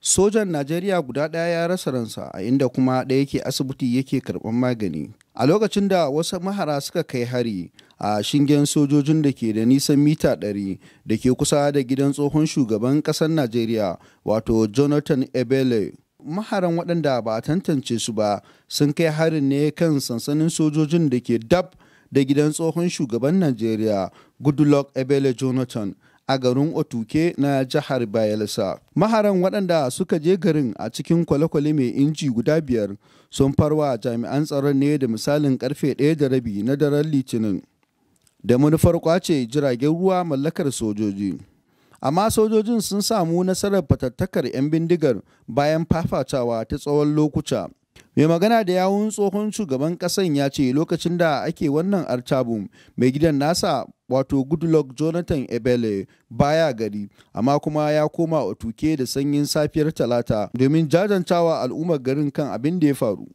sojan najeriya guda ɗaya ya rasa ransa a inda kuma ɗaya yake asibiti yake karɓar magani a lokacin da wasu mahara suka kai hari a shingen sojojin da ke da nisan mita 100 da ke kusa da gidan tsohon shugaban ƙasar najeriya wato jonathan ebele maharan waɗanda ba a tantance su ba sun kai harin ne kan sansanin sojojin da ke dab da gidan tsohon shugaban najeriya goodluck ebele jonathan a garin Otuke na jihar Bayelsa. Maharan waɗanda suka je garin a cikin kwale-kwale mai inji guda biyar sun farwa jami'an tsaron ne da misalin karfe ɗaya da rabi na daren Litinin. Da manufar kwace jiragen ruwa mallakar sojoji. Amma sojojin sun samu nasarar fatattakar 'yan bindigar bayan fafacawa ta tsawon lokuta. mai magana da yawun tsohon shugaban kasan ya ce lokacin da ake wannan artabun mai gidan nasa wato goodluck jonathan ebele baya gari amma kuma ya koma otuke da sanyin safiyar talata domin jajantawa al'ummar garin kan abin da ya faru